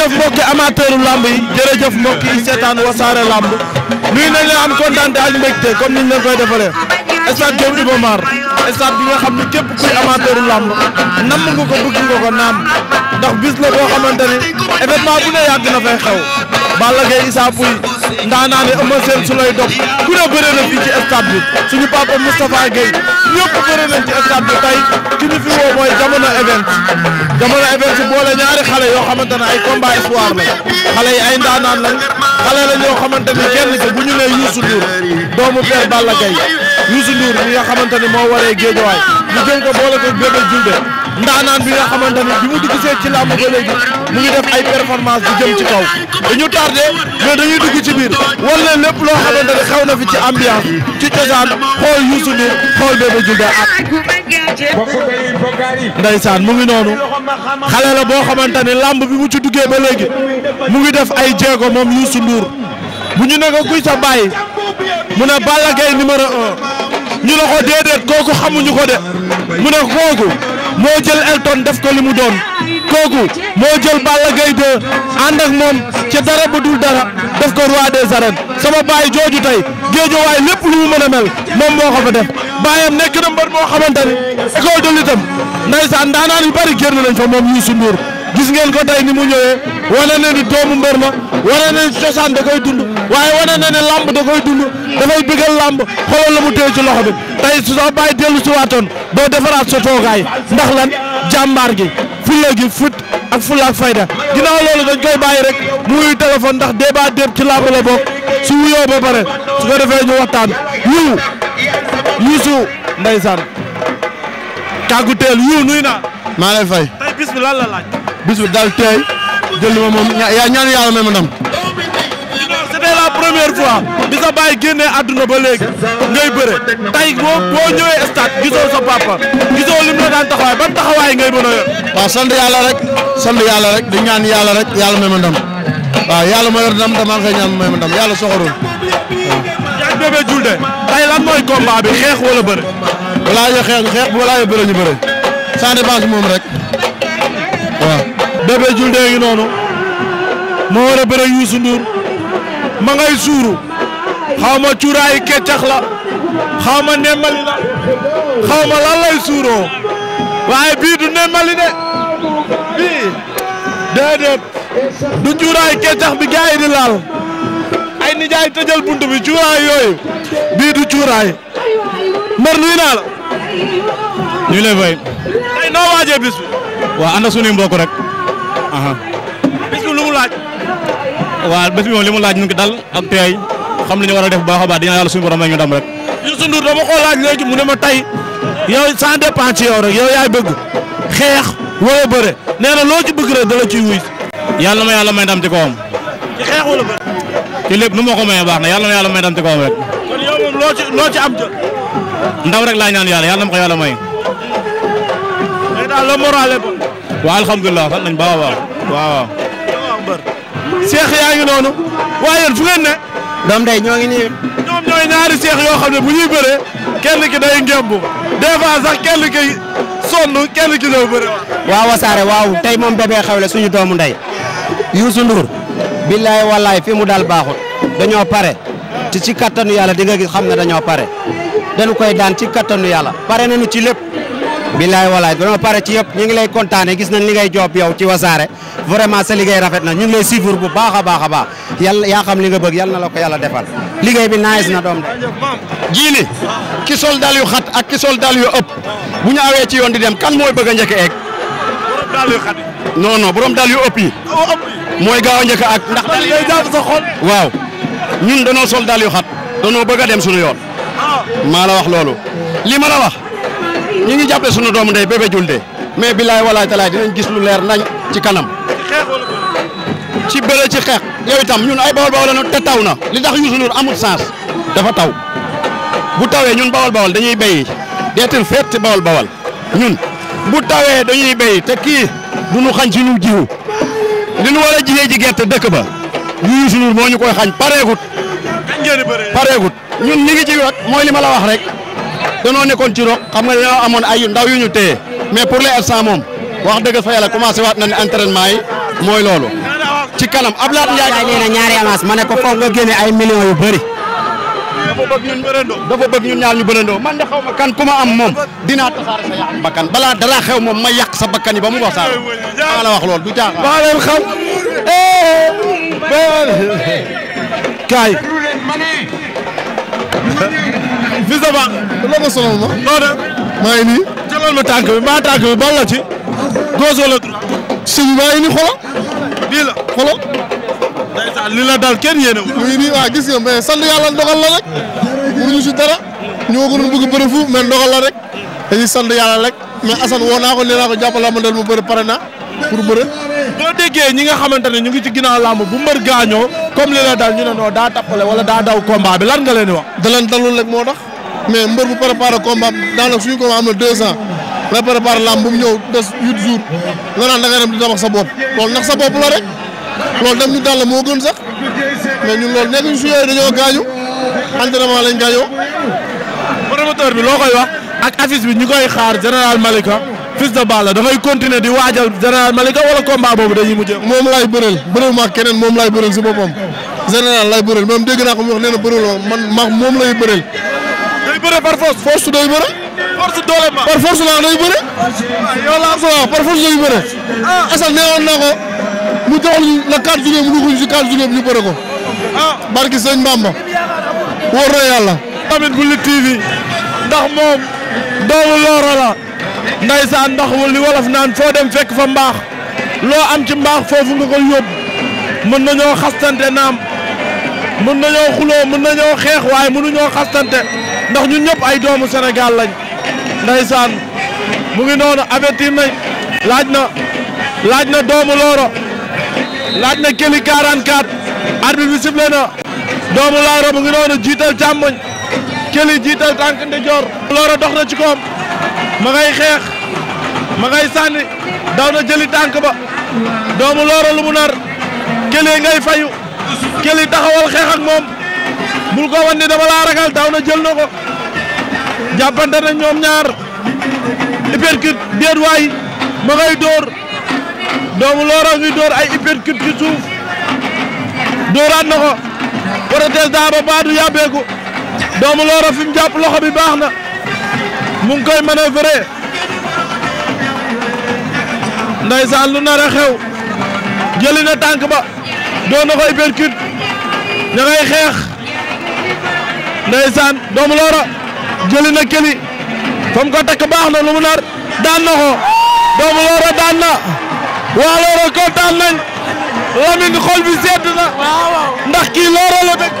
jërëjëf mbokki amateuru lamb yi jërëjëf mbokki seetaan wasaare lamb nuyu nañ leen am kontaan ak mbégte comme niñ leen koy defalee stade Diop Iba Mar stade bi nga xam ne képp kuy amateuru lamb namm nga ko bëgg nga ko naam ndax bis la boo xamante ni événement bu ne yàgg na fay xew Balla Gaye Issa Pouye ndaanaane Eumeu Sène su lay dob ku ne bëre na ci stade bi suñu papa Moustapha Gueye ñëpp bëre ci stade bi tey ki ñu fi woo mooy jamono event jamono event boole ñaari xale yoo xamante ne ay combat espoir la xale yi ay ndaanaan lañ xale la ñoo xamante ni kenn ki bu ñu nee Youssou Ndour doomu père Balla Gaye Youssou Ndour mi nga xamante moo waree géejawaay ñu jël ko boole ko Bébé Diouldé ndaanaan bi nga xamante bi mu dugg see ci làmb ba léegi mu ngi def ay performance di jëm ci kaw dañu tardé mais dañuy dugg ci biir wala leen lépp loo xamante xew na fi ci ambiance ci cosaan xool Youssou Ndour xool Bébé Diouldé ak ndeysaan mu ngi noonu xale la boo xamante ni làmb bi mu ci duggee ba léegi mu ngi def ay jéego moom Youssou Ndour bu ñu ne ko kuy sa bàyyi mu ne Balla Gaye numéro ñu ne ko déedéet kooku xamuñu ko de mu ne kooku moo jël Elton def ko li mu doon kooku moo jël Balla Gaye 2 ànd ak moom ca dara ba dul dara def ko roi des arènes sama baay jooju tey géejowaay lépp lu mu mën a mel moom moo ko fa def baayam nekk na mbër moo xamante ne école itam lutte am ndaysaan daanaan yu bari génn nañ fa moom Youssou Ndour gis ngeen ko tey ni mu ñëwee wane na ni doomu mbër ma wane na ni cosaan da koy dund waaye wane na ne lamb da koy dund dafay bëggal lamb xoolal la mu téye ci loxo bi tey su sax bàyyi dellu si waatoon doo defaraat sa toogaay ndax lan jàmbaar gi fulla gi fut ak fulla ak fayda ginnaaw loolu dañ koy bàyyi rek mu wuyu téléphone ndax débat déeb ci lamb la bokk su wuyoo ba pare su ko defee ñu waxtaan yiw Youssou ndeysaan tàggu teel yiw nuy naa maa lay fay bis bi la laaj bis bi dal teey jël ma moom yaa ñaanu yàlla may ma c'est la première fois bi sa baay génnee àdduna ba léegi ngay bëre tey boo boo ñëwee stade gisoo sa papa gisoo lim la daan taxawaay ban taxawaay ngay mën a yor. waaw sant yàlla rek sant yàlla rek di ñaan yàlla rek yàlla may ma ndam waaw yàlla ma yor ndam damaa koy ñaan may ma ndam yàlla soxorul waaw. yaa ngi Bébé Diouldé tey lan mooy combat bi xeex wala bëre. balaa yoo xeex xeex balaa yoo bëre ñu bëre sans dépense moom rek waaw. Bébé Diouldé ngi noonu moo war a bëre Youssou ma ngay suuru xaw ma cuuraayu keccax la xaw nemmali la xaw ma lan waaye bii du nemmali de bii déedéet du cuuraayu keccax bi gaa yi di laal ay nijaay tëjal bunt bi cuuraay yooyu bii du cuuraay mbër nuy naa la. ñu lay noo waajee bis waa ànd ak suñuy rek. waaw bés bi li mu laaj ñu ngi dal ak tey xam li ñu war a def baax a baax dina yàlla suñu borom may ñu dam rek. Youssou Ndour dama ko laaj léegi mu ne ma tey yow sans dépend ci yow rek xeex wala bëre nee na loo ci bëgg rek dala ciy yàlla ma yàlla may ndam ci kawam. ci xeex wala bëre. ci lépp nu ma ko mayee baax na yàlla yàlla may ndam ci kawam rek. loo ci loo ci am jël. ndaw rek laa ñaan yàlla yàlla ma ko yàlla may. mais daal le moral est bon. waaw alhamdulilah sant baax a baax waaw waaw. seex yaa ngi noonu waaye yéen fu ngeen ne. doom day ñoo ngi nii. ñoom ñooy ñaari seex yoo xam ne bu ñu bëree kenn ki day ngemb des fois sax kenn ki sonn kenn ki day bëre. waaw wasaare waaw tey moom bébé xewle suñu doomu ndey Youssou Ndour. billaay wallaay fi mu daal baaxut dañoo pare te ci kattanu yàlla dinga nga gis xam ne dañoo pare dañu koy daan ci kattanu yàlla pare nu ci lépp. billaay wallaay dañoo pare ci yëpp ñu ngi lay kontaane gis nañ li ngay joob yow ci wasaare vraiment sa liggéey rafet na ñu ngi lay suivre bu baax a baax baax yàlla yaa xam li nga bëgg yàlla na la ko yàlla defal liggéey bi nice na doom de. jiili ki sol dal yu xat ak ki sol dal yu ëpp bu ñu awee ci yoon di dem kan mooy bëgg a njëkk a egg. borom dal yu xat mooy gaaw a njëkk ak. ndax dal yi day jàpp waaw ñun danoo sol dal yu xat danoo bëgg a dem suñu yoon. Ah. maa la wax loolu. li ma la wax ñu ngi jàppale sunu doomu day Bébé Diouldé mais billaay walaay talaay dinañ gis lu leer nañ ci kanam. ci bëre ci xeex yow itam ñun ay bawol bawol la ñu te taw na li tax Youssou Ndour amul sens dafa taw bu tawee ñun bawol bawol dañuy béy deetul feet ci bawol ñun bu tawee dañuy béy te kii du nu xañ ci ñu jiwu li ñu war a jiyee ji gerte dëkk ba Youssou Ndour moo ñu koy xañ pareegut. pareegut ñun li ci rek mooy li ma la wax rek danoo nekkoon ci roog xam nga dañoo amoon ay ndaw yu ñu téye mais pour les l'instant moom. wax dëgg fa yàlla commencé waat nañ entraînement yi mooy loolu. ci kanam Ablaye Ndiaye nee na ñaari avance ma ne ko foog nga génne ay millions yu bëri. dafa bëgg ñun ñaar ñu bërëndoo man de xaw ma kan ku ma am moom dinaa tasaare sa yàq bakkan balaa dara xew moom ma yàq sa bakkan yi ba mu wax saa maa la wax loolu du caaxaan. maa leen ma. noo nii. jëlal ma tànk bi maa tànk bi ban la ci. gauche wala droite. sëñ bi waaye xolo. lii la xolo. ndeysaan li la dal kenn yéene wu. muy nii waa gis nga mais sant yàlla dogal la rek. mënuñu si dara. ñoo ko doon bëgg bëri fu mais dogal la rek. dañuy sant yàlla rek. mais Assane woo naa ko nee naa ko jàppalaa ma del mu bëri pare na pour bëre. boo déggee ñi nga xamante ne ñu ngi ci ginnaaw làmb bu mbër gaañoo comme li la dal ñu ne non daa tappale wala daa daw combat bi lan nga leen di wax. da leen dalul rek moo tax mais mbër bu préparé combat daanaka nga préparé lamb bu mu ñëw des huit jours nga naan da nga dem di tabax sa bopp loolu nax sa bopp la rek loolu dem ñu dal moo gën sax mais ñun loolu nekk ñu su yooyu dañoo gaañu entraînement lañ gaañoo. promoteur bi loo koy wax ak affiche bi ñu koy xaar général Malika fils de Balla da ngay continuer di waajal général Malika wala combat boobu dañuy mujjee. moom laay bëreel bëreel ma ak keneen moom laay bëreel si boppam général laay bëreel même dégg naa ko mu wax nee na bëreel man ma moom lay bëreel. day force doole ma. par force la day bëre. yow laa ko wax par force lay bëre. ah Assane na ko mu joxoon ñu la 4 juillet mu dugg ci 4 juillet ñu bëre ko. ah barki sëñ Bamba. wóor na yàlla. tamit bu TV ndax moom doomu Loora la. Ndeysaan ndax li wolof naan foo dem fekk fa mbaax loo am ci mbaax foofu nga koy yóbbu mën nañoo xastante naam mën nañoo xuloo mën nañoo xeex waaye mënuñoo xastante ndax ñun ñëpp ay doomu Sénégal lañ ndeysaan mu ngi noonu avertir nañ laaj na laaj na doomu looro laaj na këli 44 arbitre bi sifflé na doomu looro mu ngi noonu jiital càmmoñ këli jiital tànk ndijoor looro dox na ci koom ma ngay xeex ma ngay sànni daw na jëli tànk ba doomu looro lu mu nar këli ngay fayu këli taxawal xeex moom bul ko wan dama laa ragal daw na jël na ko jàppante na ñoom ñaar uppercut déet waay ma ngay dóor doomu ngi dóor ay uppercut ci suuf dóoraat na ko protège daa ba baadu yàbbeeku doomu fi mu jàpp loxo bi baax na mu ngi koy manœuvrer ndeysaan lu nar a xew jëli na tànk ba doon na ko uppercut ña ngay xeex ndeysaan doomu Lora. jëli a këli fa ko takk baax na lu mu nar daan na ko doomu looro daan na waa looro kontaan nañ Lamine xol bi na ndax kii looro la dëkk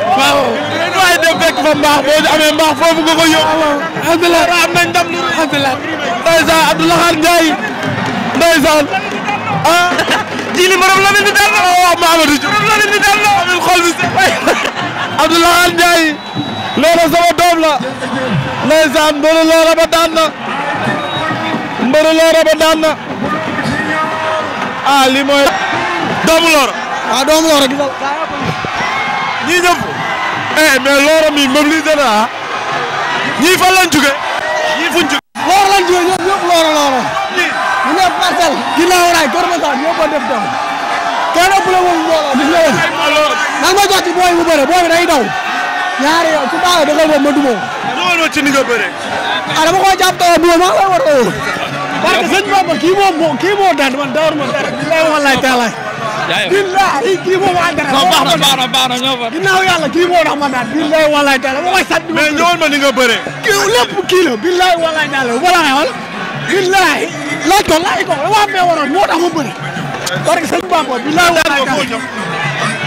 waaye dem fekk fa mbaax boo amee mbaax foofu nga ko yóbbu Abdoulaye am nañ ndam lu Abdoulaye ndeysaan Abdoulaye Ndiaye ndeysaan ah jili borom Lamine bi dal na waaw Mamadou Diouf borom Lamine bi dal na Lamine xol bi sedd Abdoulaye Ndiaye looro sama la ndeysaan mbëru loola ba daan na mbëru loola ba daan na ah lii mooy. doomu loola. ah doomu loola gisal. ñii ñëpp. eh mais loola mi mobilisé na ah. ñii fan lañ jugee. ñii fuñ jugee. loola lañ jugee ñoom ñëpp loola loola. ñii ñu nekk parcelle. ginnaaw raay Kër Masar ñoo ko def dem. kenn ëpp la moom loola gis nga leen. nan ma jox ci booy bu bëre booy bi day daw. ñaari yow su baaxee dëggal boobu ma dumoo. daanoo ci ni nga bëree. ah dama koo jàpp taw bi ma la war a woo. parce que sëñ Bamba kii moo kii moo daan man dawar ma dara. walaay taalaay. billahi kii moo ma dara. non baax na baax na baax na ñoo fa. ginnaaw yàlla kii moo tax ma daan. billahi walaay taalaay ma koy sant. mais ñëwoon ma ni nga bëree. kii lépp kii la billahi walaay taalaay wala wala. billahi laaj ko laaj ko damaa amee waroon moo tax ma bëri. parce que sëñ Bamba billahi walaay taalaay.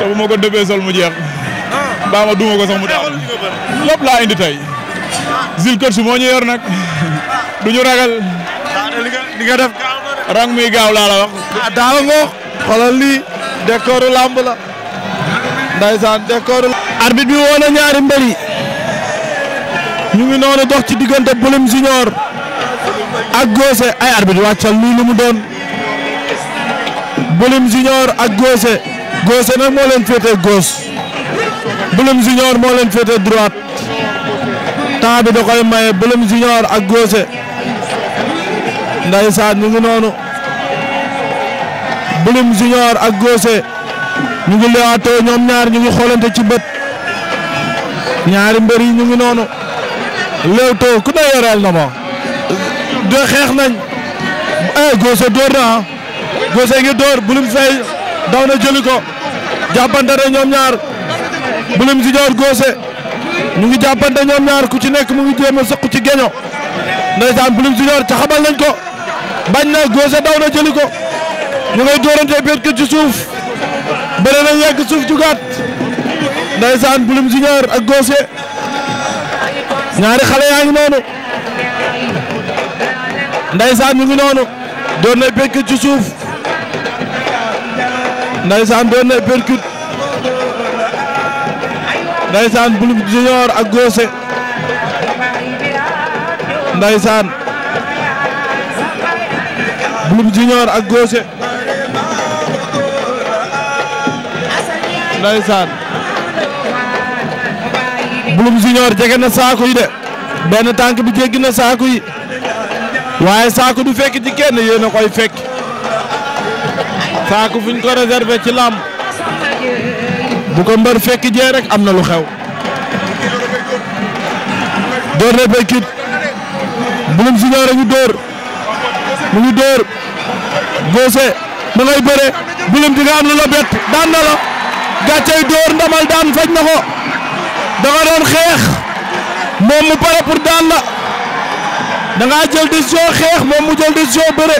te bu ko dëbbee sol mu jeex baa ma duuma ko sax mu daal lépp laa indi tey zil kër moo ñu yor nag du ñu ragal. li nga def rang muy gaaw laa la wax. ah daal nga xoolal lii décoru làmb la ndaysaan décoru. arbitre bi woo ñaari mbër ñu ngi noonu dox ci diggante Bulim Junior ak Gose ay arbitre wàccal lii lu doon Bulim Junior ak Gose. Gossé nag moo leen féetee gauche Blum Junior moo leen féetee droit temps bi da koy maye Blum Junior ak Gossé ndeysaan ñu ngi noonu Blum Junior ak Gossé ñu ngi lewaatoo ñoom ñaar ñu ngi xoolante ci bët ñaari mbër yi ñu ngi noonu leewtoo ku ne yoreel na ma de xeex nañ eh Gossé door na ah. Gossé ngi door Blum fay daw na jëli ko jàppante ne ñoom ñaar Boulim Junior Gossé mu ngi jàppante ñoom ñaar ku ci nekk mu ngi jéem a sëq ci geño ndeysaan Boulim Junior ca xabal nañ ko bañ na Gossé daw na jëli ko ñu ngay dóorante béet ko ci suuf bëre nañ yegg suuf jugaat ndeysaan Boulim Junior ak Gossé ñaari xale yaa ngi noonu ndeysaan ñu ngi noonu doon na béet ko ci suuf ndaysaan doon na percute ndaysaan Bulum Junior ak Gose ndaysaan Bulum Junior ak Gose ndaysaan Bulum Junior jege na saaku yi de benn tànk bi jéggi na saaku yi waaye saaku du fekk ci kenn yéen koy fekk saaku fuñ ko réservé ci làmb bu ko mbër fekk jee rek am na lu xew door na béykit Mbouloum Junior a ngi dóor mu ngi dóor boose ma ngay bëre Mbouloum di nga am lu la daan na la gàccey dóor ndamal daan faj na ko da doon xeex moom mu pare pour daan la da ngaa jël décision xeex moom mu jël décision bëre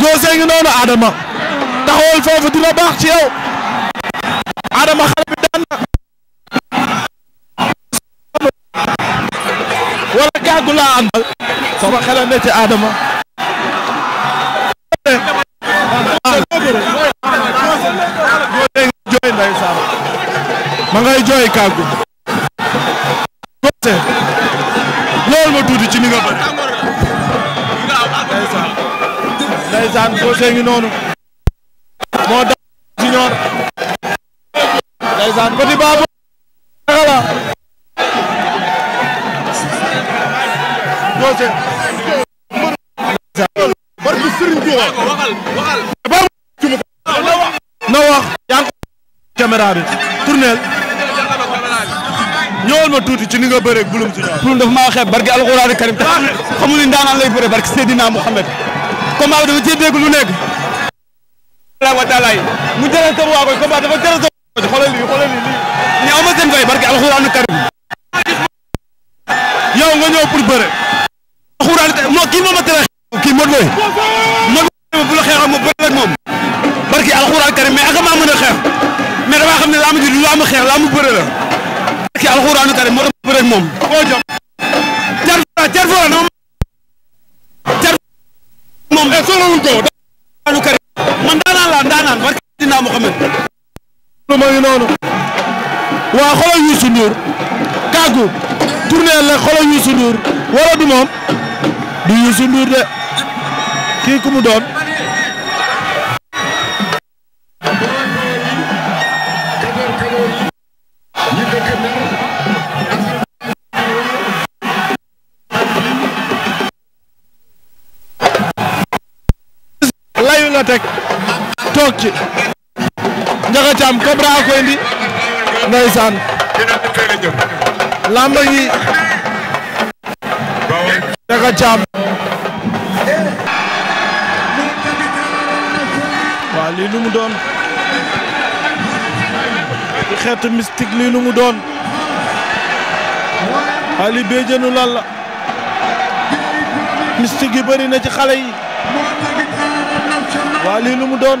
boose ngi noonu Adama taxawal foofu dina baax ci yow Adama xale daan na wala kàggu laa àndal sama xel a ne ci Adama ma ngay jooy kàggu loolu ma tuuti ci ni nga bëri ndeysaan ndeysaan ngi noonu moo daw junior ndeysaan Petit na wax yaa ngi caméra ma tuuti ci ni nga bëree bulum ci bulum dafa maa xeeb barke alxuraan karim tax xamul ni ndaanaan lay bëree barke Seydina Mouhamed combat bi dama cee dégg lu nekk wa taala mu jëlee sa waa koy combat dafa jëlee sa waa xoolal lii xoolal lii lii ñu Eumeu Sène Faye barke alxuraanu karim yow nga ñëw pour bëre alxuraan moo kii moom a tere kii Modou Lô Modou Lô bu la xeexam ma bëre ak moom barke alxuraan karim mais ak maa mën a xeex mais damaa xam ne laamu ji du laamu xeex laamu bëre la barke alxuraanu karim moo tax ma bëre ak moom koo jëm car fora car fora moom eh, daan barke dinaa Muhammad lu ma ngi noonu waa xoolal Youssou Ndour kàggu tourné la xoolal Youssou Ndour wala du moom du Youssou Ndour de kii ku mu doon layu la teg toog ci Ndiaga Thiam Cobra a koy indi lamba gi Ndiaga Thiam waaw doon ci xeetu mystique lii doon Ali béjjënu lan la mystique yi bëri na ci xale yi waa lii doon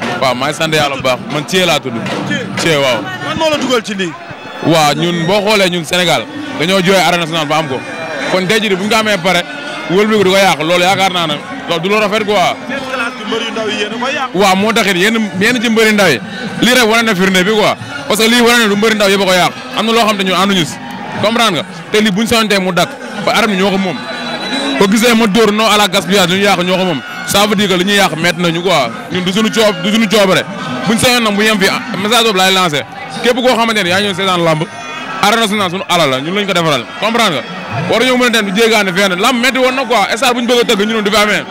waa maa ngi sant yàlla bu baax man Thié laa tudd. Thié waaw. man moo la dugal ci lii. waaw ñun boo xoolee ñun Sénégal dañoo jooy arène nationale ba am kon tey jii bu ñu ko amee wël bi du ko yàq loolu yaakaar naa ne du lu rafet quoi. seen xalaat yu mbëri ndaw yi yéen a koy moo taxit yéen yéen ci mbëri ndaw yi lii rek wane na firnde bi quoi parce que lii wane na du mbëri a ko yàq am na te ñun ànduñu si comprendre te lii buñ soñtee mu dakk ba arène ñoo ko gisee ma dóor non à la ñu yàq ñoo moom ça veut dire que li ñuy yàq métti nañu quoi du suñu coob du suñu bu yem fi ah, message boobu laay lancé képp koo yaa ñëw seetaan lamb arène nationale suñu alal la ñun lañ ko defaral comprendre nga war ñoo mën a dem di jéegaane fenn lamb métti woon na quoi stade bu ñu bëgg a tëgg ñun du fi amee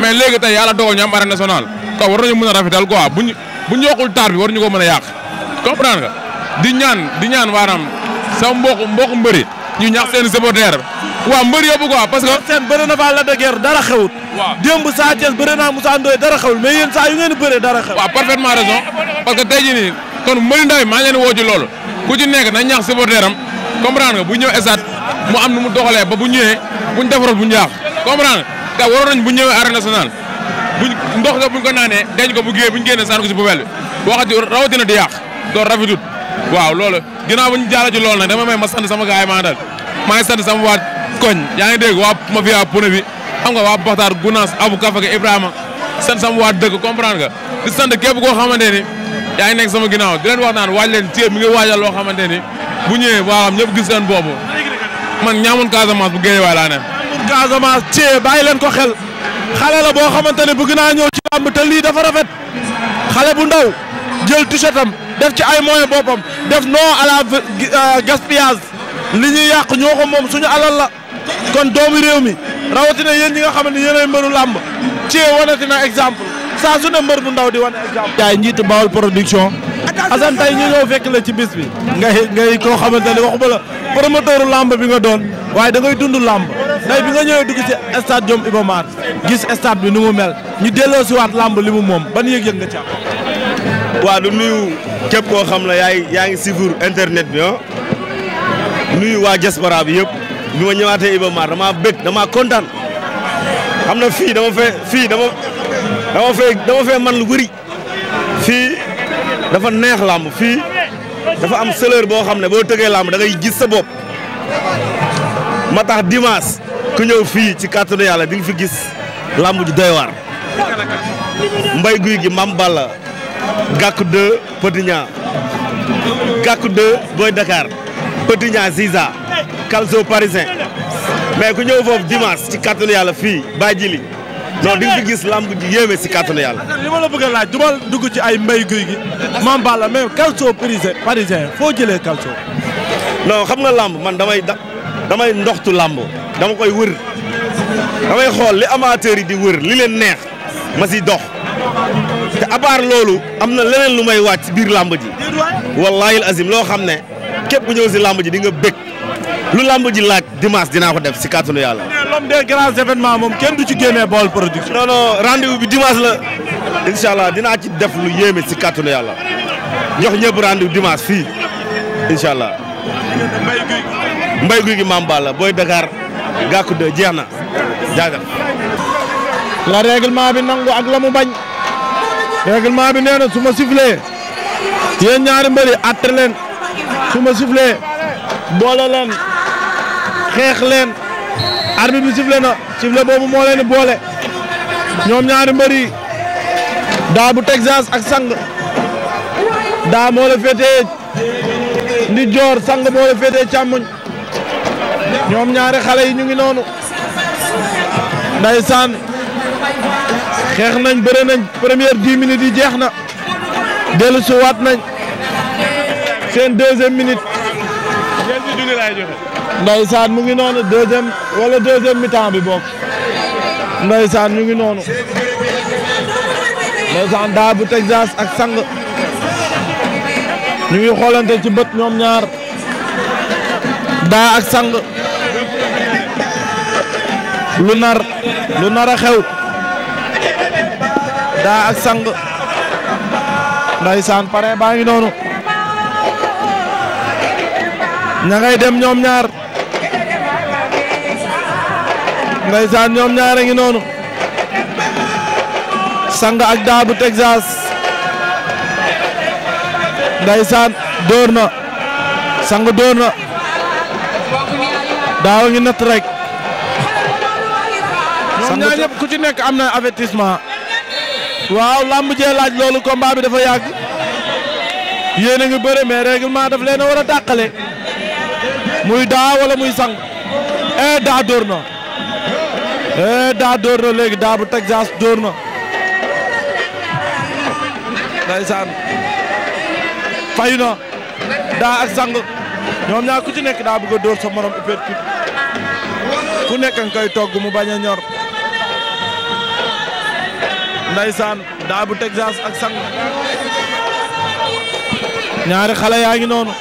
mais léegi tey yàlla dogal ñu am arène nationale kon war nañu mën a rafetal quoi buñ buñ yokkul taar bi war ñu ko mën a yàq comprendre di ñaan di sa mbokk mbokk mbëri ñu ñax seen waaw mbër yóbbu quoi parce que seen bëri na fa la de dara xewut waaw démb Sa Thiès bëri naa Moussa dara xewul mais yéen saa yu ngeen bëree dara xewul waaw parfaitement raison parce que tey jii nii kon mbëri ndaw yi maa woo ci loolu ku ci nekk nañ ñaax supporter am comprendre nga mu am nu mu doxalee ba bu ñëwee buñ defaroon bu ñaax comprendre nga te waroon nañ bu ñëwee arène nationale buñ ndox nga buñ ko naanee dañ ko bu géee buñ génnee sànni ko si poubelle bi waxati rawatina di yàq doon rafetut waaw loolu ginnaaw buñ jaara ci loolu nag dama may ma sant sama gaay maa dal maa ngi sant sama koñ yaa ngi dégg waa mafia pune bi xam nga waa Baxtaar Gunaas Abu Kafake Ibrahima sant sama waa dëkk comprendre nga di sant képp koo xamante ni yaa ngi nekk sama ginnaaw di leen wax naan waaj leen téye mi ngi waajal loo xamante ni bu ñëwee waa xam ñëpp gis seen boobu man ñaamoon Casamance bu géej waay laa ne. ñaamoon Casamance téye bàyyi leen ko xel xale la boo xamante ne bëgg naa ñëw ci làmb te lii dafa rafet xale bu ndaw jël t-shirtam def ci ay moyens boppam def non à la euh, kon doomu réew mi rawatina yéen ñi nga xam ne yéen ay mbëru làmb ci wanati exemple saa su ne mbër bu ndaw di wane exemple. yaay njiitu Bawol production. Assane tey ñu ñëw fekk la ci bis bi. ngay ngay koo xamante ne waxuma la promoteuru làmb bi nga doon waaye da dund làmb tey bi nga ñëwee dugg ci stade Jom Iba Mar gis stade bi nu mu mel ñu delloo si waat làmb li mu moom ban yëg-yëg nga ci am. du nuyu képp koo xam ne yaay yaa ngi suivre internet bi ah nuyu waa diaspora bi yëpp. bi ma ñëwaatee Iba Mar damaa bëgg damaa kontaan xam na fii dama fee fii dama dama fee man lu bëri fii dafa neex làmb fii dafa am sëleur boo xam ne boo tëggee làmb da ngay gis sa bopp ma tax dimanche ku ñëw fii ci kàttanu yàlla di nga fi gis làmb ju doy waar mbay guy gi mam balla gàkku de Petit Niang gàkku de Boy Dakar Petit Niang Ziza calcio parisien mais ku ñëw foofu dimanche ci kàttanu yàlla fii bàyyi ji li non di nga fi gis lamb ji yéeme si kàttanu li ma la bëgg a laaj du ma dugg ci ay mbay guy gi. maam Balla mais calcio parisien parisien foo jëlee calcio. non xam nga lamb man damay da damay ndoxtu lamb dama koy wër damay xool li amateur yi di wër li leen neex ma si dox. te à loolu am na leneen lu may wàcc biir làmb ji. wallahi al azim loo xam ne képp ku ñëw si làmb ji bëgg lu lamb ji laaj dimanche dinaa ko def si kàttanu yàlla. mais l'homme des grands événements moom kenn du ci génnee Baol Production. non non bi dimanche la incha allah dinaa ci def lu yéeme si kàttanu yàlla jox ñëpp rendez-vous dimanche fii incha allah. mbay guy gi mbay guy gi Dakar gàkku de jeex na la règlement bi nangu ak mu bañ. règlement bi nee su ma sifflee yéen ñaari mbëri atte su ma sifflee boole leen xeex leen arbitre bi sifle na sifle boobu moo leen boole ñoom ñaari mbër yi daa bu Texas ak sang daa moo la féetee joor sang moo la féetee càmmoñ ñoom ñaari xale yi ñu ngi noonu ndeysaan xeex nañ bëre nañ première dix minutes yi jeex na dellu si nañ seen deuxième minute. Ndeysaan mu ngi noonu deuxième wala deuxième mi-temps bi bokk Ndeysaan ñu ngi noonu Ndeysaan daa bu Texas ak sang ñu ngi xoolante ci bët ñoom ñaar daa ak sang lu nar lu nar a xew daa ak sang Ndeysaan pare baa ngi noonu ña ngay dem ñoom ñaar. ndeysaan ñoom ñaar ngi noonu sang ak daabu Texas ndeysaan dóor na sang dóor na daaw ngi natt rek. ñoom ñaar ñëpp ku ci nekk am na avertissement. waaw lamb jee laaj loolu combat bi dafa yàgg. yéen a ngi bëre mais règlement leen war a dàqale. muy daa wala muy sang. eh daa dóor na. Eh, daa dóor na léegi daa bu Texas dóor na ndeysaan fayu daa ak sang ñoom ñaar ku ci nekk daa bëgg a dóor sa morom uppercut ku nekk nga koy togg mu baña ñor ndeysaan daa bu Texas ak sang ñaari xale yaa ngi noonu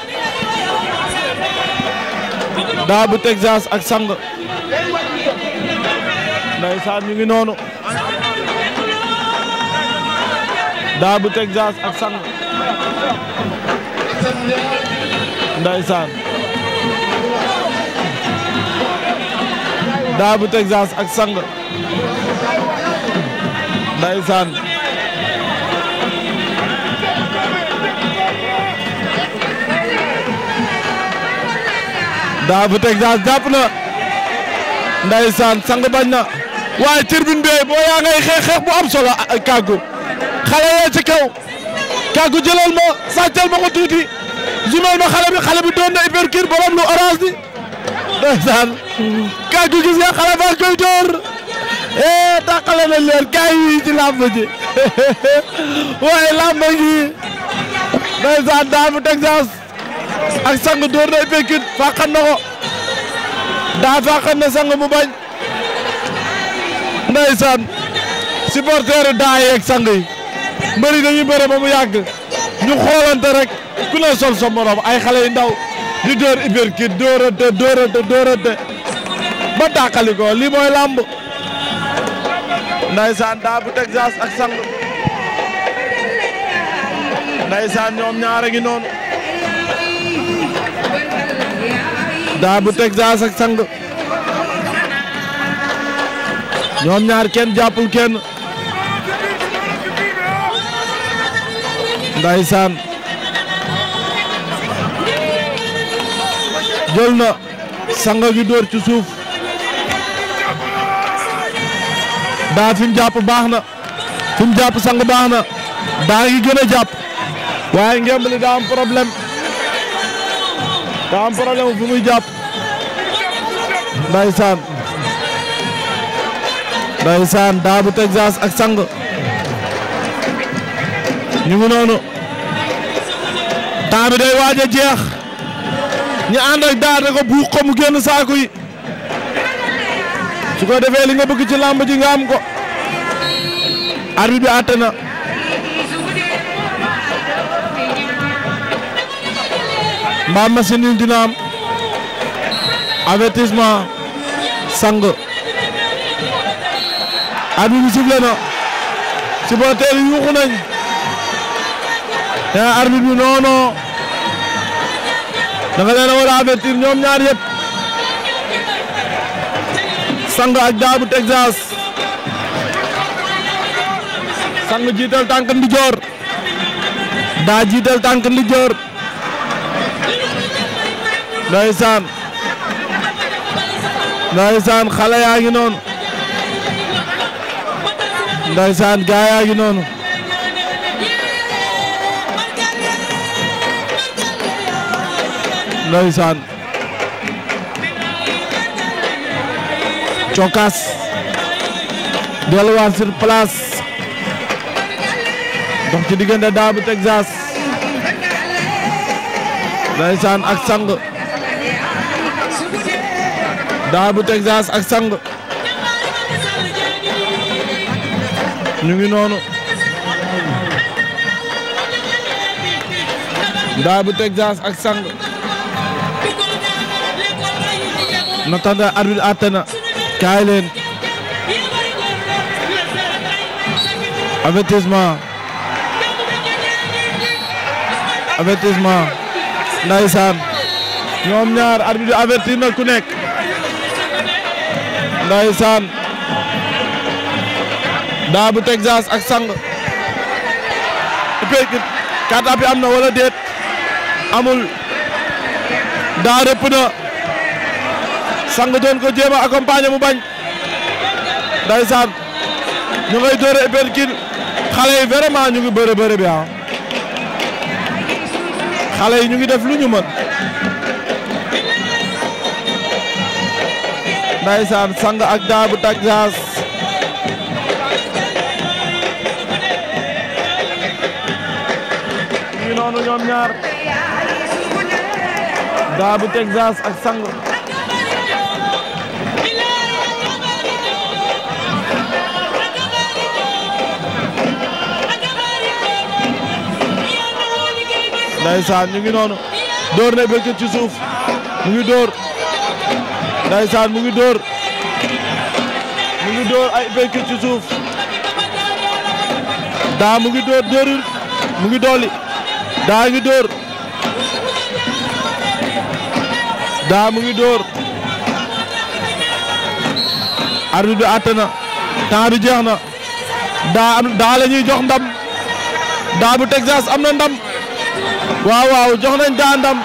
daa bu Texas ak sang ndeysaan ñu ngi noonu daa bu Texas ak sang ndeysaan daa bu Texas ak sang ndeysaan daa bu Texas jàpp na ndeysaan sang bañ na waaye turbine bee boo yaa ngay xeex xeex bu am solo kàggu xale yee ci kaw kàggu jëlal ma sàccal ma ko tuuti jumal ma xale bi xale bi doon na hypercure borom lu orange bi ndeysaan kàggu gis nga xale baa koy door eh tàqale nañ leen gars yi ci làmb ji waaye làmb ngi ndeysaan daamu Texas ak sang door na hypercure fàqan na ko daa fàqan na sang mu bañ. ndeysaan supporteur yi daa sang yi mbëri dañuy bëre ba mu yàgg ñu xoolante rek ku ne sol sa ay xale yu ndaw di dóor iberki dóorante dóorante dóorante ba tàqali ko lii mooy làmb ndeysaan daa bu Texas ak sang ndeysaan ñoom ñaara ngi noonu daa bu Texas ak sang ñoom ñaar kenn jàppul kenn ndaysaan jël na sanga gi dóor ci suuf daa fi mu jàpp baax na fi mu jàpp sang baax na daa ngi gën a jàpp waaye ngemb li daa am problème daa am problème fu muy jàpp ndaysaan ndeysaan daa bu Texas ak sang ñu ngi noonu temps day waaj jeex ñu ànd ak daa da ko buux ko mu génn saako yi su ko defee li nga bëgg ci làmb ji nga am ko arbitre bi àtte na mbaam machine yi dina am sang abi bi sifflé na supporters yi yuuxu nañ yaa arbitre bi non non da nga leen a war a avertir ñoom ñaar yëpp sang ak daabu Texas sang jiital tànk ndijoor daa jiital tànk ndijoor ndeysaan ndeysaan xale yaa ngi noonu ndaysaan gaa yaa ngi noonu ndaysaan place dox ci diggante Daabu Texas ndaysaan ak Texas ak sang ñu ngi noonu ndaa bu Texas ak sang na tanda arbitre àtte na kaay leen avertissement avertissement ndaysaan ñoom ñaar arbitre avertir na ku nekk ndaysaan daa bu Texas ak sang upekit quatre appuis am na wala déet amul daa rëpp na sang doon ko jéem a accompagner mu bañ ndeysaan ñu ngay dóore upekit xale yi vraiment ñu ngi bëre bëre bi ah xale yi ñu ngi def lu ñu mën ndeysaan sang ak daa bu Texas noonu ñoom ñaar daa bu Texas ak sang ndaysaan ñu ngi noonu dóor na bëkk ci suuf mu ngi dóor ndaysaan mu ngi dóor mu ngi dóor ay bëkk ci suuf daa mu ngi dóor dóorul mu ngi dooli daa ngi dóor daa mu ngi dóor ar bi àtte na temps bi jeex na daa am daa ñuy jox ndam daa bu Texas am na ndam waaw waaw jox nañ daa ndam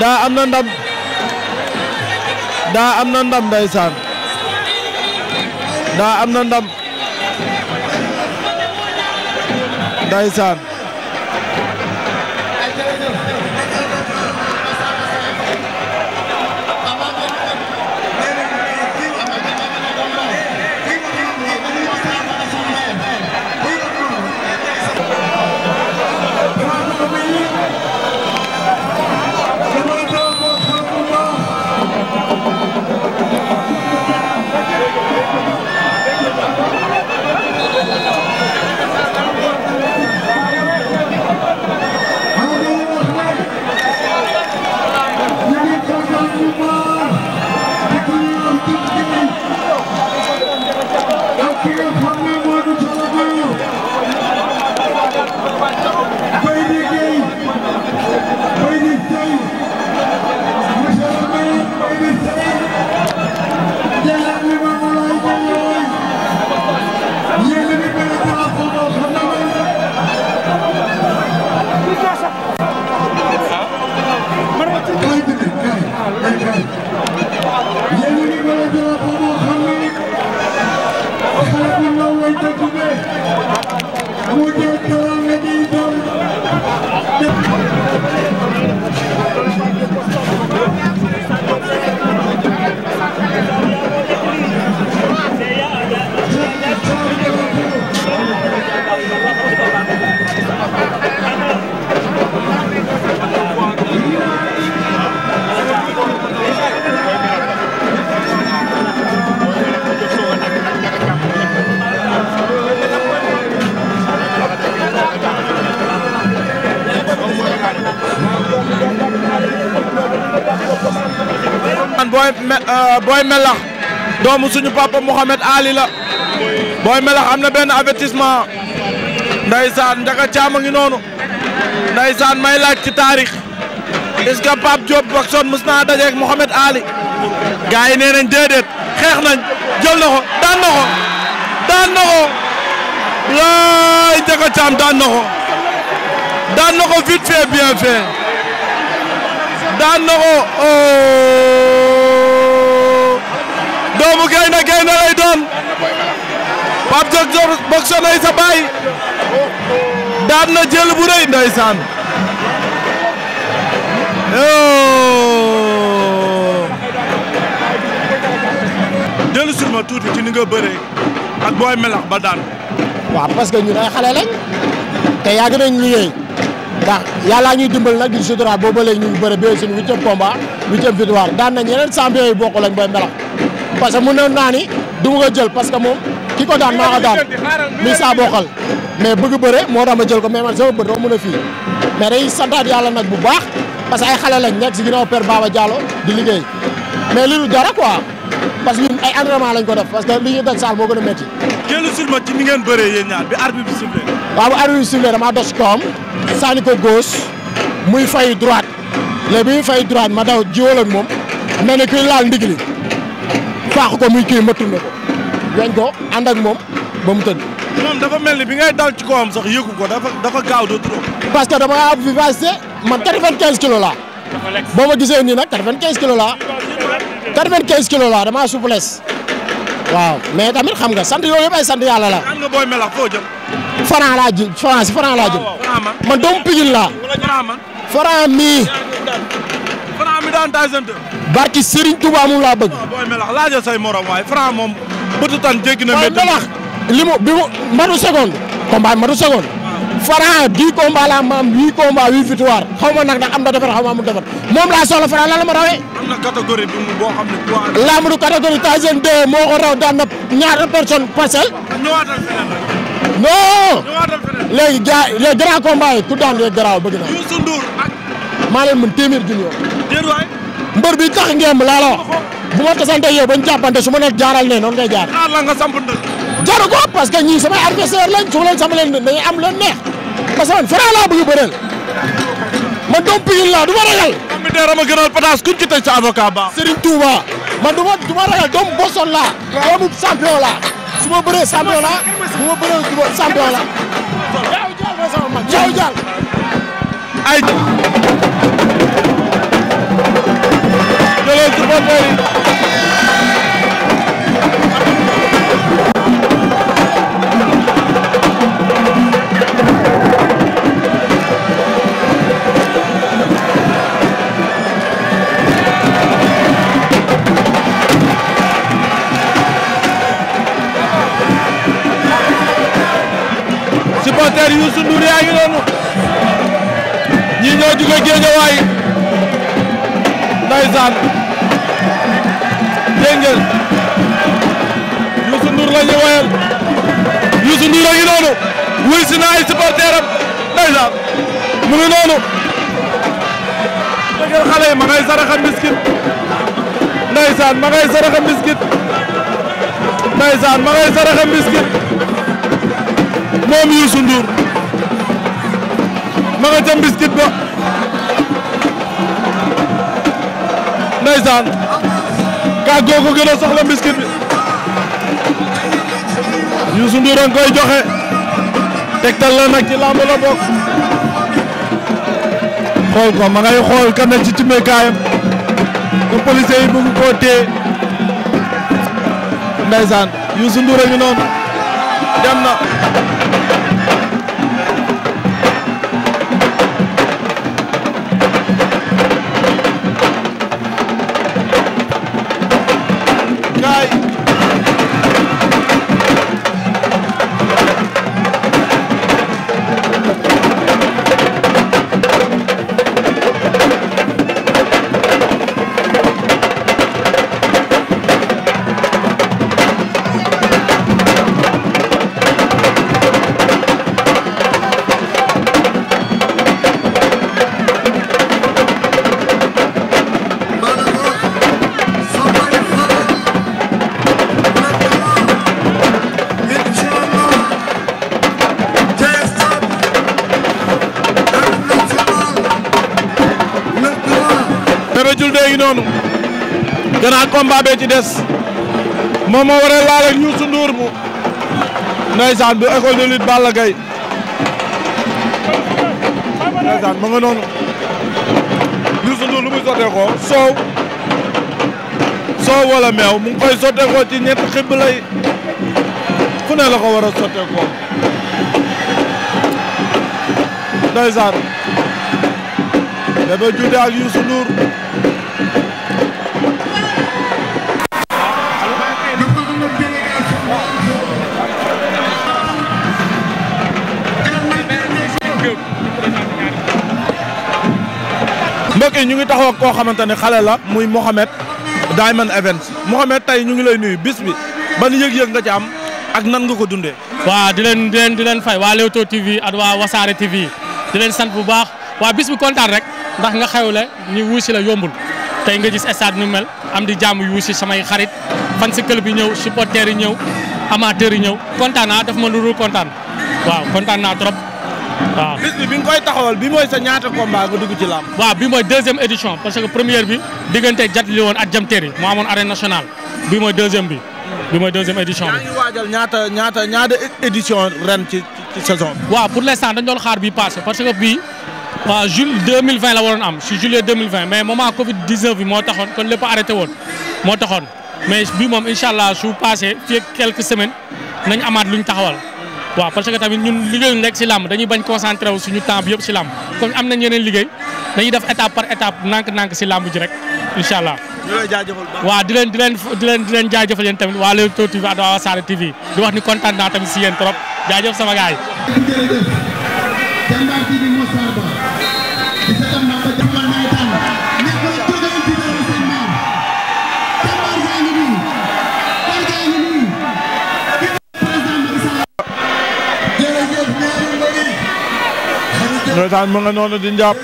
daa am na ndam daa am na ndam ndeysaan daa am na ndam ndeysaan ndeysaan booy euh, booy melax doomu suñu papa Mouhamed Ali la booy melax am na benn avertissement ndeysaan njaka caama ngi noonu ndeysaan may laaj ci taarix est-ce que Pape Diop Bakson mës dajeek Mouhamed Ali gars yi nee xeex nañ jël na daan na daan na laay njaka caam daan na daan na ko vite fait bien doomu gaynde gaynde na doon Pape Diop Diop boxe daan na jël bu rëy ndeysaan jël sur ma tuuti ci ni nga bëree ak booy melax ba daan waaw parce que ñun ay xale lañ te yàgg nañ liggéey ndax yàllaa di sutura booba léegi ñu ngi bëre ba suñu huitième combat huitième victoire daan nañ yeneen champion yi bokk booy melax parce que mënoon naa ni du ma ko jël parce que moom ki ko daan maa ko daan muy saa bokkal mais bëgg bëree moo tax ma jël ko mais man sama bët doo mën a fii mais day santaat yàlla nag bu baax parce que ay xale lañ nekk si ginnaaw Père Baba Diallo di liggéey mais li lu dara quoi parce que ñun ay entraînement lañ ko def parce que li ñuy daj saal moo gën a métti. jëlu silma ci ni ngeen bëree yéen ñaar bi arbitre bi sifflé. waaw bu arbitre bi sifflé damaa dos koom sànni ko moom mel faax ko muy kii ma tourné ko weñ ko ak moom ba mu tëdd. moom dafa mel ni bi ngay dal ci kawam sax yëgu ko dafa dafa gaaw de trop. parce que dama ab vivacité man 95 kilos laa. boo ma gisee nii nag 95 kilos laa. 95 kilos laa damaa souplesse. waaw mais tamit xam nga sant yooyu yëpp ay sant la. nga booy melax foo jëm. Franc laa jëm Franc si Franc laa jëm. man doomu Pikine laa. Franc mii. Franc mi daan barki Serigne Touba moom laa bëgg. waaw booy melax say morom waay Franc moom bëtu tan jéggi na. waaw melax li mu bi mu matu seconde. combat matu seconde. Franc dix combat la ma am huit combat huit victoire xaw ma nag ndax am na defar xaw ma amul defar moom laa soxla Franc lan la ma rawee. am na catégorie bi mu boo xam ne poids. laamu du catégorie Tyson 2 moo ko daan na ñaar personne parcelle. ñëwaatal feneen rek. non. ñëwaatal daan les garaaw bëgg naa. mbër bi tax ngemb laa la wax bu ma tasante yow bañ jàppante su ma ne jaaral ne noonu jaar. xaar la nga parce que ñii samay adversaire lañ su leen samalee dañuy am leen neex parce que man fere laa man doom Pikine laa du ma ragal. am na dara ma gënal pataas kuñ ci tëj sa avocat ba. Serigne man du ma ragal doomu Boston laa. doomu champion laa. su ma bëree champion laa su ma bëree du jaaw jaal ma jaal. leen supporter yi supporter Youssou Ndour yaa ngi noonu ñi ñoo jóge Géejawaay Déngel Youssou Ndour la ñu woyal Youssou Ndour a ngi noonu wuy si na ay supporteram ndeysaan mu ngi noonu dëggal xale yi ma ngay saraxa mbiskit ndeysaan ma moom Youssou Ndour ma ba tàggoo ko gën a soxla mbiskit bi Youssou Ndour a ngi koy joxe tegtal la nag la bokk xool ko ma xool kan la ci cimekaayam ko police yi bëgg koo téye ndeysaan Youssou Ndour a ngi noonu dem na combat bee ci des moom moo waree laal ak Youssou Ndour bu ndeysaan bu école de lutte Balla Gaye ma nga noonu Youssou Ndour lu muy sottee ko soow soow wala meew mu koy sottee ko ci ñett xibb fu ne la ko war a sottee ko ndeysaan Bébé Diouldé ak Youssou Ndour mbokk yi ñu ngi taxaw koo xamante ne xale la muy Mouhamed Diamond Events Mouhamed tey ñu ngi lay nuyu bis bi ban yëg-yëg nga ci am ak nan nga ko dundee. waa di leen di leen di leen fay waa Leewtoo TV ak waa Wasaare TV di leen sant bu baax waa bis bi kontaan rek ndax nga xewle ni wuusi la yombul tey nga gis stade nu mel am di jàmm yu wuusi samay xarit fan si club yi ñëw si supporters yi ñëw amateurs yi ñëw kontaan naa daf ma lu dul kontaan waaw kontaan naa trop. waaw ah. bis bi mooy sa ñaata combat nga dugg ci làmb. waaw bi mooy deuxième édition parce que première bi diggante jat li woon ak jamteeri moo amoon arène nationale bi mooy deuxième bi. bi mooy deuxième édition bi. yaa ngi ñaata ñaata ñaata édition ren ci ci saison bi. waaw pour l'instant dañ doon xaar bi passé parce que bii waaw juillet 2020 la waroon am si juillet 2020 mais moment Covid 19 bi moo taxoon kon lépp arrêté woon moo taxoon mais bi moom incha su passé fii quelques semaines nañ amaat luñ taxawal. waaw parce que tamit ñun liggéeyuñ rek si làmb dañuy bañ concentré wu suñu temps bi yëpp si làmb comme am nañ yeneen liggéey dañuy def étape par étape nànk-nànk si làmb ji rek incha allah. waaw di leen di leen di leen di leen jaajëfal yéen tamit waa Leewtoo TV ak waa Wassare TV di wax ni kontaan naa tamit si yéen trop jaajëf sama gars ndeysaan mu nga noonu di njàpp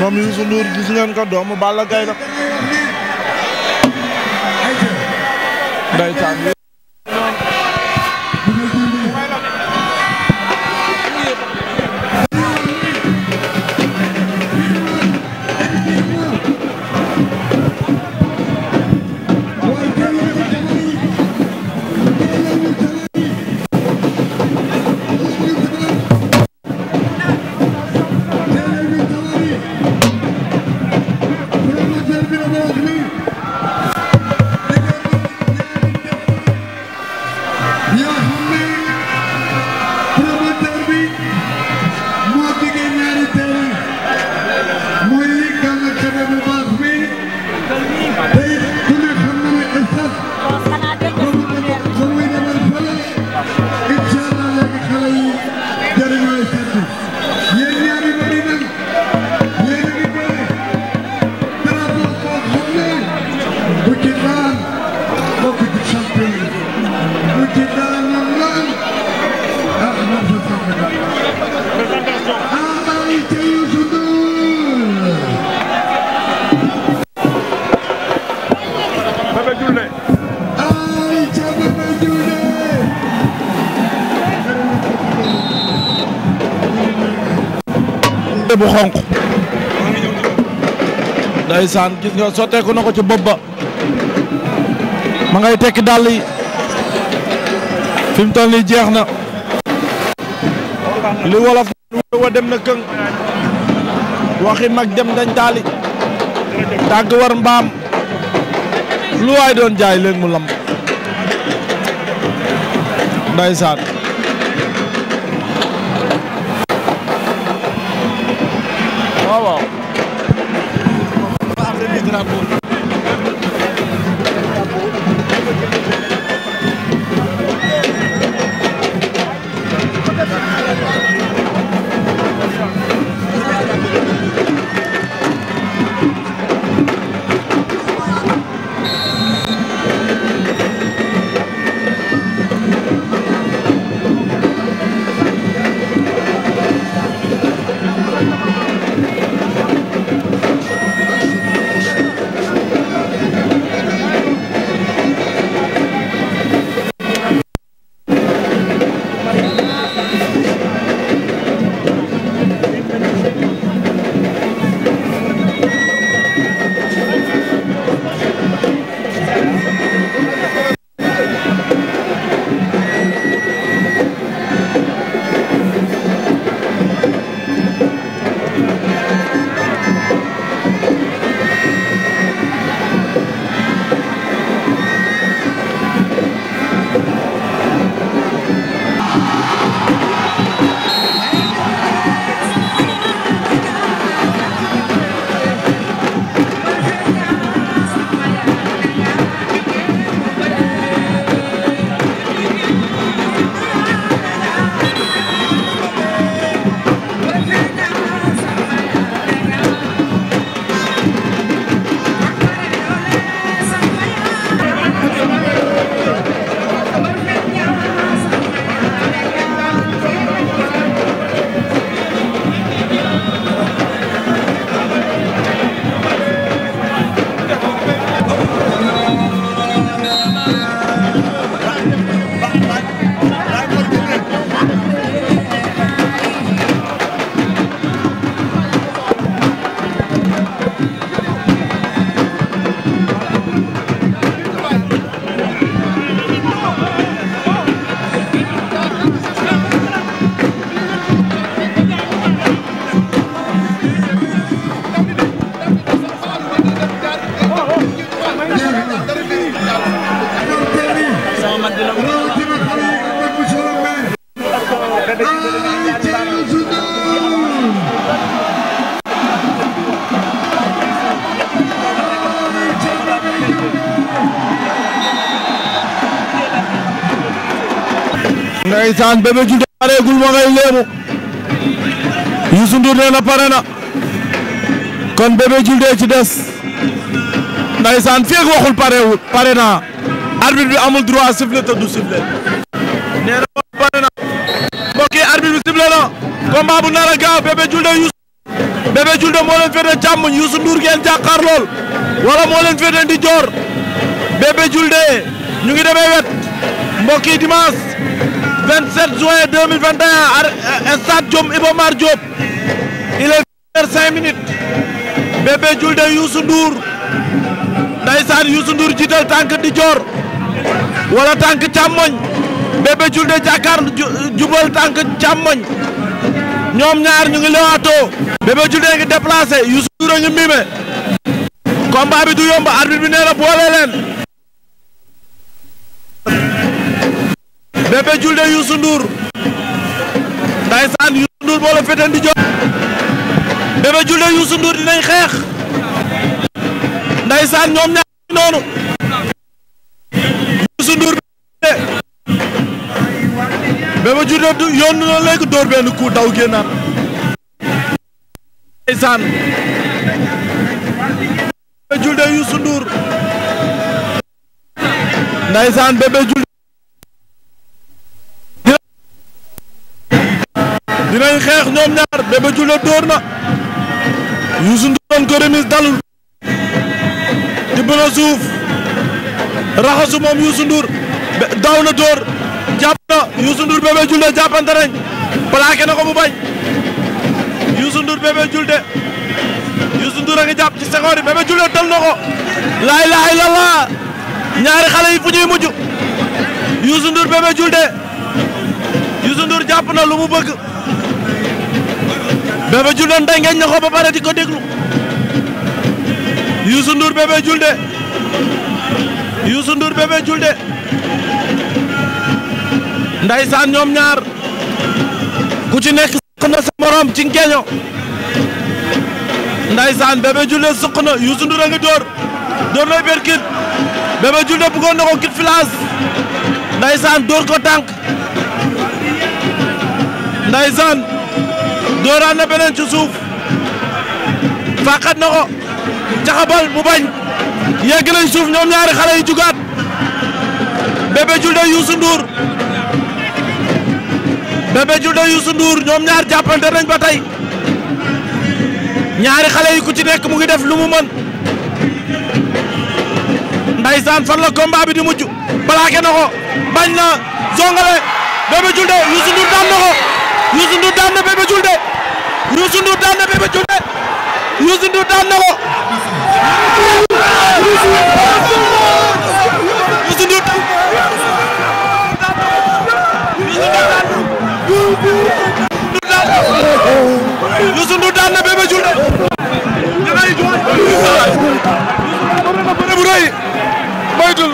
moom Youssou Ndour gis ngeen ko doomu bala Gaye la ndeysaan bu xonq ndeysaan gis nga sotteeku na ko ci bopp ba ma ngay tekki dàll yi fi mu toll nii jeex na li wolof wa dem na këng waxi mag dem dañ taali tàgg war mbaam lu waay doon jaay leen mu lamb ndeysaan ndeysaan Bébé Diouldé pareegul ma ngay léemu Youssou Ndour nee na pare na kon Bébé Diouldé ci des ndeysaan feeg waxul parewul pare na arbitre bi amul droit siffler te du siffler nee na waxul pare na mbokk yi bi siffler na combat bu nar a gaaw Bébé Diouldé Youssou Bébé Diouldé moo leen féete càmmoñ Youssou Ndour ngeen jàkkaar lool wala moo leen féete ndijoor Bébé Diouldé ñu ngi demee wet mbokk yi 27 juin 2021 à euh, stade Diom Iba Mar Diop il est Bébé Diouldé Youssou Ndour ndeysaan Youssou Ndour jiital tànk di joor wala tànk càmmoñ Bébé Diouldé jàkkaar jubal tànk càmmoñ ñoom ñaar ñu ngi lewaatoo Bébé Diouldé ngi déplacé Youssou Ndour a ngi mime combat bi du yomb arbitre bi nee na Bébé Diouldé Youssou Ndour ndaysaan Youssou Ndour moo la féete ndi jox Bébé Diouldé Youssou Ndour dinañ xeex ndaysaan ñoom ñaar noonu Youssou Ndour Bébé Diouldé yoon na léegi dóor benn coup daw génnaat ndaysaan Bébé Diouldé Youssou Ndour ndaysaan Bébé Diouldé dinañ xeex ñoom ñaar Bébé Diouldé dóor na Youssou Ndour doon ko remise dalul tibb na suuf raxasu moom Youssou Ndour na dóor jàpp na Youssou Ndour Bébé Diouldé jàppante nañ plaqué na ko mu bañ Youssou Ndour Bébé Diouldé Youssou Ndour a ngi jàpp ci sengoor yi Bébé Diouldé dal na ko laa ilaaha illallaah ñaari xale fu ñuy mujj Youssou Ndour Bébé Diouldé Youssou Ndour jàpp na lu mu bëgg Bébé Diouldé ndey ngeen ñoo ko ba pare di ko déglu Youssou Ndour Bébé Diouldé Youssou Ndour Bébé Diouldé ndaysaan ñaar ku ci nekk suq na sa morom ci ngeeño ndaysaan Bébé Diouldé suq na Youssou Ndour a ngi door door na berkit Bébé Diouldé bëggoon na ko kit filaas ndaysaan door ko tànk ndaysaan dooraat na beneen ci suuf fàqat na ko jaxabal mu bañ yegg nañ suuf ñoom ñaari xale yi jugaat Bébé Diouldé Youssou Ndour Bébé Diouldé Youssou Ndour ñoom ñaar jàppante nañ ba tey ñaari xale yi ku ci nekk mu ngi def lu mu mën ndaysaan fan la combat bi di mujj balaake na ko bañ na zongale Bébé Diouldé Youssou Ndour daan na ko Youssou Ndour daan na Bébé Diouldé Youssou Ndour daan na Bébé Diouldé Youssou Ndour daan na ko Youssou Ndour Youssou Ndour daan na Bébé Diouldé da ngay jox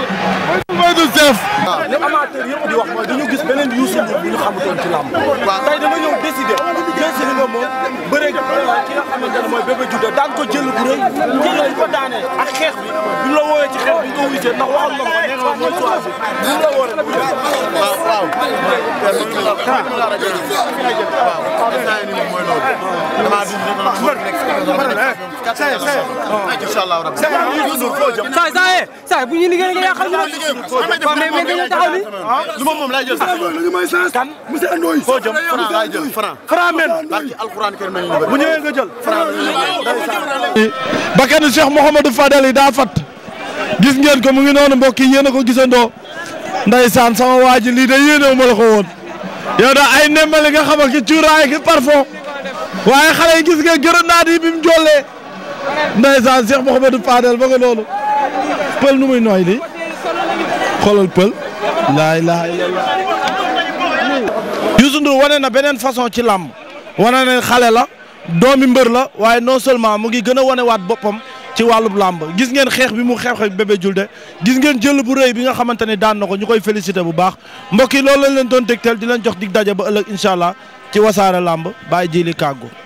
amateur yëpp di wax dañu gis beneen Youssou Ndour bu ñu xamutoon ci làmb waaw dama ñëw décidé jël si li nga moom bëre ki nga ne daan ko jël bu rëy jël ko daanee ak xeex bi cër ndax waxoon na ko bu jël waaw waaw waaw mooy loolu dama nekk inshallah rabbi saay saay saay bu ñu liggéey nga yàqal ñu waaw mais ma ah, moom laay jël sax lañu may chance kan monsieur Andoy foo jëm franc jël franc franc men barki alquran kër men bu ñëwee nga jël franc bakkan Cheikh Fadel yi daa fat gis ngeen ko mu ngi noonu mbokk yi yéen a ko gisandoo ndeysaan sama waa ji lii de yéenewu ma la ko woon yow da ay nembali nga xam ak ki cuuraay ki parfum waaye xale yi gis nga grenade yi bi mu jollee ndeysaan Cheikh Mouhamadou Fadel ba nga noonu pël nu muy nooy li xoolal pël laa ilaaha illallah Youssou wane na beneen façon ci làmb wane na xale la doomi mbër la waaye non seulement mu ngi gën a wane waat boppam ci wàllub làmb gis ngeen xeex bi mu xeex ak Bébé Diouldé gis ngeen jël bu rëy bi nga xamante ne daan na ko ñu koy félicité bu baax mbokki yi lañ leen doon dégtal di jox dig daje ba ëllëg incha allah ci wasaare làmb bàyyi ji li kàggu